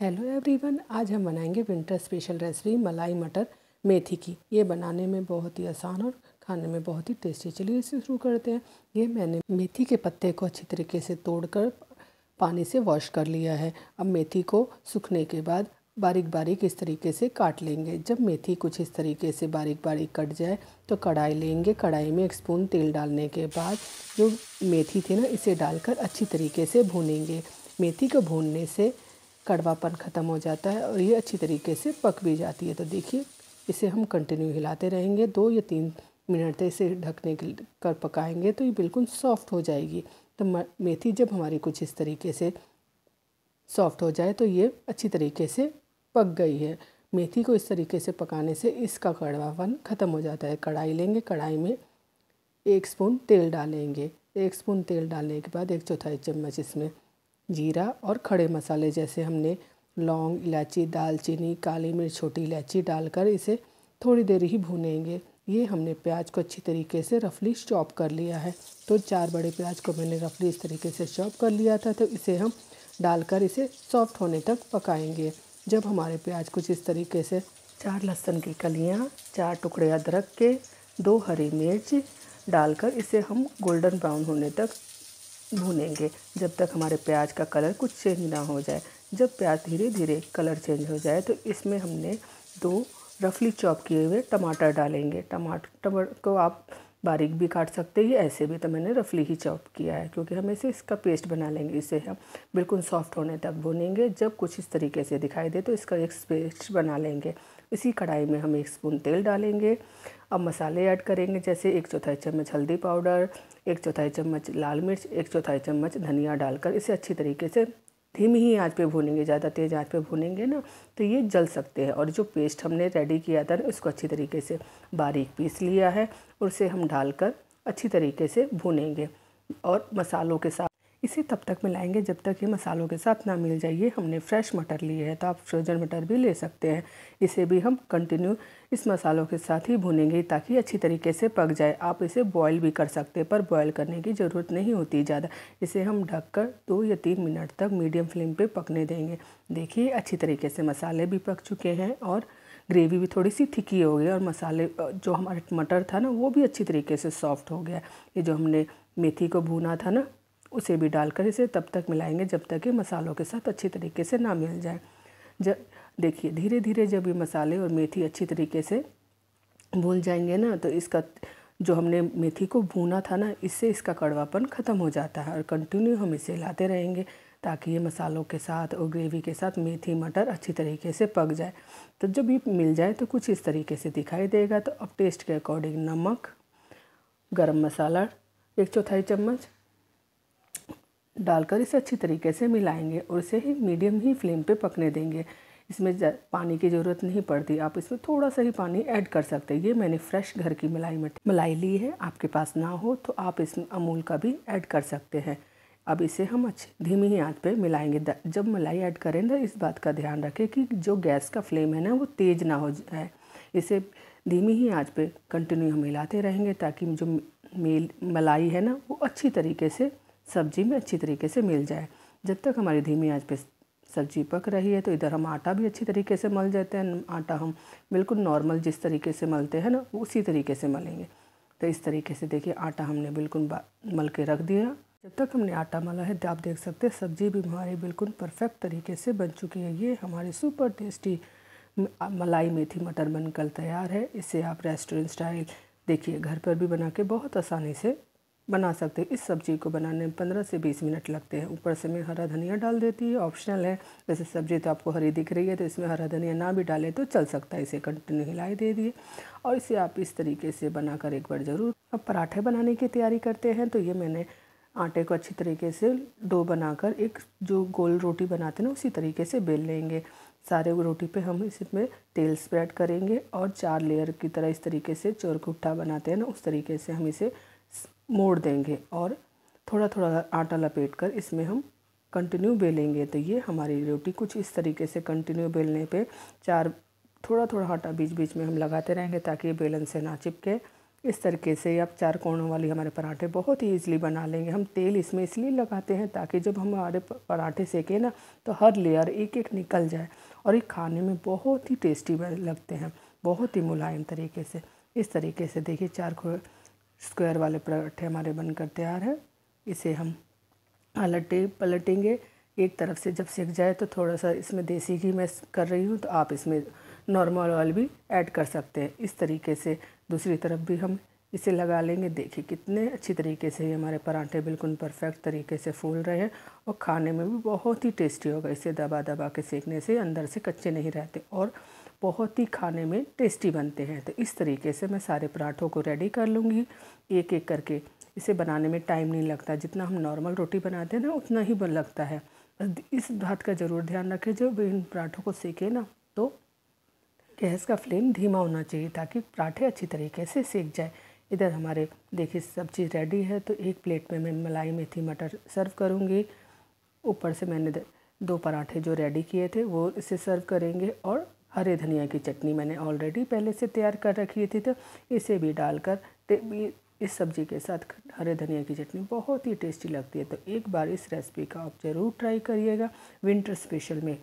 hello everyone आज हम बनाएंगे विंटर स्पेशल रेसिपी मलाई मटर मेथी की ये बनाने में बहुत ही आसान और खाने में बहुत ही टेस्टी चलिए इसे शुरू करते हैं ये मैंने मेथी के पत्ते को अच्छी तरीके से तोड़कर पानी से वॉश कर लिया है अब मेथी को सूखने के बाद बारीक बारीक इस तरीके से काट लेंगे जब मेथी कुछ इस तरीके से बारीक बारीक कट जाए तो कढ़ाई लेंगे कढ़ाई में एक स्पून तेल डालने के बाद जो मेथी थी ना इसे डालकर अच्छी तरीके से भूनेंगे मेथी को भूनने से कड़वापन ख़त्म हो जाता है और ये अच्छी तरीके से पक भी जाती है तो देखिए इसे हम कंटिन्यू हिलाते रहेंगे दो या तीन मिनट तक इसे ढकने कर पकाएंगे तो ये बिल्कुल सॉफ्ट हो जाएगी तो मेथी जब हमारी कुछ इस तरीके से सॉफ्ट हो जाए तो ये अच्छी तरीके से पक गई है मेथी को इस तरीके से पकाने से इसका कड़वापन ख़त्म हो जाता है कढ़ाई लेंगे कढ़ाई में एक स्पून तेल डालेंगे एक स्पून तेल डालने के बाद एक चौथाई चम्मच इसमें जीरा और खड़े मसाले जैसे हमने लौंग इलायची दालचीनी काली मिर्च छोटी इलायची डालकर इसे थोड़ी देर ही भूनेंगे ये हमने प्याज को अच्छी तरीके से रफली चॉप कर लिया है तो चार बड़े प्याज को मैंने रफली इस तरीके से चॉप कर लिया था तो इसे हम डालकर इसे सॉफ्ट होने तक पकाएंगे जब हमारे प्याज कुछ इस तरीके से चार लहसुन की कलियाँ चार टुकड़े अदरक के दो हरी मिर्च डालकर इसे हम गोल्डन ब्राउन होने तक भूनेंगे जब तक हमारे प्याज का कलर कुछ चेंज ना हो जाए जब प्याज धीरे धीरे कलर चेंज हो जाए तो इसमें हमने दो रफली चॉप किए हुए टमाटर डालेंगे टमाटर टमाटर को आप बारीक भी काट सकते हैं ऐसे भी तो मैंने रफली ही चॉप किया है क्योंकि हम इसे इसका पेस्ट बना लेंगे इसे हम बिल्कुल सॉफ्ट होने तक भुनेंगे जब कुछ इस तरीके से दिखाई दे तो इसका एक पेस्ट बना लेंगे इसी कढ़ाई में हम एक स्पून तेल डालेंगे अब मसाले ऐड करेंगे जैसे एक चौथाई चम्मच हल्दी पाउडर एक चौथाई चम्मच लाल मिर्च एक चौथाई चम्मच धनिया डालकर इसे अच्छी तरीके से धीमी ही आँच पे भूनेंगे ज़्यादा तेज़ आँच पे भूनेंगे ना तो ये जल सकते हैं और जो पेस्ट हमने रेडी किया था ना उसको अच्छी तरीके से बारीक पीस लिया है और उसे हम डालकर अच्छी तरीके से भूनेंगे और मसालों के साथ इसे तब तक मिलाएंगे जब तक ये मसालों के साथ ना मिल जाइए हमने फ्रेश मटर लिए है तो आप फ्रोजन मटर भी ले सकते हैं इसे भी हम कंटिन्यू इस मसालों के साथ ही भुनेंगे ताकि अच्छी तरीके से पक जाए आप इसे बॉईल भी कर सकते हैं पर बॉईल करने की ज़रूरत नहीं होती ज़्यादा इसे हम ढककर दो या तीन मिनट तक मीडियम फ्लेम पे पकने देंगे देखिए अच्छी तरीके से मसाले भी पक चुके हैं और ग्रेवी भी थोड़ी सी थिकी हो गई और मसाले जो हमारा मटर था ना वो भी अच्छी तरीके से सॉफ्ट हो गया ये जो हमने मेथी को भूना था ना उसे भी डालकर इसे तब तक मिलाएंगे जब तक ये मसालों के साथ अच्छी तरीके से ना मिल जाए जब देखिए धीरे धीरे जब ये मसाले और मेथी अच्छी तरीके से भून जाएंगे ना तो इसका जो हमने मेथी को भूना था ना इससे इसका कड़वापन ख़त्म हो जाता है और कंटिन्यू हम इसे हिलाते रहेंगे ताकि ये मसालों के साथ और ग्रेवी के साथ मेथी मटर अच्छी तरीके से पक जाए तो जब ये मिल जाए तो कुछ इस तरीके से दिखाई देगा तो अब टेस्ट के अकॉर्डिंग नमक गरम मसाला एक चौथाई चम्मच डालकर इसे अच्छी तरीके से मिलाएंगे और इसे ही मीडियम ही फ्लेम पे पकने देंगे इसमें पानी की ज़रूरत नहीं पड़ती आप इसमें थोड़ा सा ही पानी ऐड कर सकते हैं ये मैंने फ्रेश घर की मलाई में मलाई ली है आपके पास ना हो तो आप इसमें अमूल का भी ऐड कर सकते हैं अब इसे हम अच्छे धीमी ही आँच पे मिलाएंगे जब मलाई ऐड करें ना तो इस बात का ध्यान रखें कि जो गैस का फ्लेम है ना वो तेज़ ना हो जाए इसे धीमी ही आँच पे कंटिन्यू हम मिलाते रहेंगे ताकि जो मेल मलाई है ना वो अच्छी तरीके से सब्जी में अच्छी तरीके से मिल जाए जब तक हमारी धीमी आंच पे सब्जी पक रही है तो इधर हम आटा भी अच्छी तरीके से मल जाते हैं आटा हम बिल्कुल नॉर्मल जिस तरीके से मलते हैं ना उसी तरीके से मलेंगे तो इस तरीके से देखिए आटा हमने बिल्कुल मल के रख दिया जब तक हमने आटा मला है तो आप देख सकते हैं सब्जी भी हमारी बिल्कुल परफेक्ट तरीके से बन चुकी है ये हमारे सुपर टेस्टी मलाई मेथी मटर बनकर तैयार है इसे आप रेस्टोरेंट स्टाइल देखिए घर पर भी बना के बहुत आसानी से बना सकते हैं इस सब्ज़ी को बनाने में पंद्रह से बीस मिनट लगते हैं ऊपर से मैं हरा धनिया डाल देती है ऑप्शनल है वैसे सब्ज़ी तो आपको हरी दिख रही है तो इसमें हरा धनिया ना भी डालें तो चल सकता है इसे कंटिन्यू हिलाई दे दिए और इसे आप इस तरीके से बनाकर एक बार ज़रूर अब पराठे बनाने की तैयारी करते हैं तो ये मैंने आटे को अच्छी तरीके से डो बनाकर एक जो गोल रोटी बनाते हैं ना उसी तरीके से बेल लेंगे सारे रोटी पे हम इसमें तेल स्प्रेड करेंगे और चार लेयर की तरह इस तरीके से चोरकुट्ठा बनाते हैं ना उस तरीके से हम इसे मोड़ देंगे और थोड़ा थोड़ा आटा लपेट कर इसमें हम कंटिन्यू बेलेंगे तो ये हमारी रोटी कुछ इस तरीके से कंटिन्यू बेलने पे चार थोड़ा थोड़ा आटा बीच बीच में हम लगाते रहेंगे ताकि ये बेलन से ना चिपके इस तरीके से आप चार कोणों वाली हमारे पराठे बहुत ही ईजिली बना लेंगे हम तेल इसमें इसलिए लगाते हैं ताकि जब हमारे पराठे सेकें ना तो हर लेयर एक एक निकल जाए और ये खाने में बहुत ही टेस्टी लगते हैं बहुत ही मुलायम तरीके से इस तरीके से देखिए चार स्क्वायर वाले पराठे हमारे बनकर तैयार है इसे हम पलटे पलटेंगे एक तरफ से जब सेक जाए तो थोड़ा सा इसमें देसी घी मैं कर रही हूँ तो आप इसमें नॉर्मल ऑयल भी ऐड कर सकते हैं इस तरीके से दूसरी तरफ भी हम इसे लगा लेंगे देखिए कितने अच्छी तरीके से ये हमारे पराठे बिल्कुल परफेक्ट तरीके से फूल रहे हैं और खाने में भी बहुत ही टेस्टी होगा इसे दबा दबा के सेकने से अंदर से कच्चे नहीं रहते और बहुत ही खाने में टेस्टी बनते हैं तो इस तरीके से मैं सारे पराठों को रेडी कर लूँगी एक एक करके इसे बनाने में टाइम नहीं लगता जितना हम नॉर्मल रोटी बनाते हैं ना उतना ही बन लगता है इस बात का ज़रूर ध्यान रखें जब इन पराठों को सेकें ना तो गैस का फ्लेम धीमा होना चाहिए ताकि पराठे अच्छी तरीके से सेक जाए इधर हमारे देखिए सब चीज़ रेडी है तो एक प्लेट में मैं मलाई मेथी मटर सर्व करूँगी ऊपर से मैंने दो पराठे जो रेडी किए थे वो इसे सर्व करेंगे और हरे धनिया की चटनी मैंने ऑलरेडी पहले से तैयार कर रखी थी तो इसे भी डालकर इस सब्ज़ी के साथ हरे धनिया की चटनी बहुत ही टेस्टी लगती है तो एक बार इस रेसिपी का आप ज़रूर ट्राई करिएगा विंटर स्पेशल में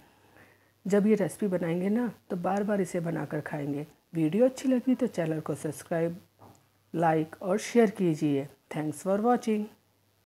जब ये रेसिपी बनाएंगे ना तो बार बार इसे बनाकर खाएंगे वीडियो अच्छी लगी तो चैनल को सब्सक्राइब लाइक और शेयर कीजिए थैंक्स फॉर वॉचिंग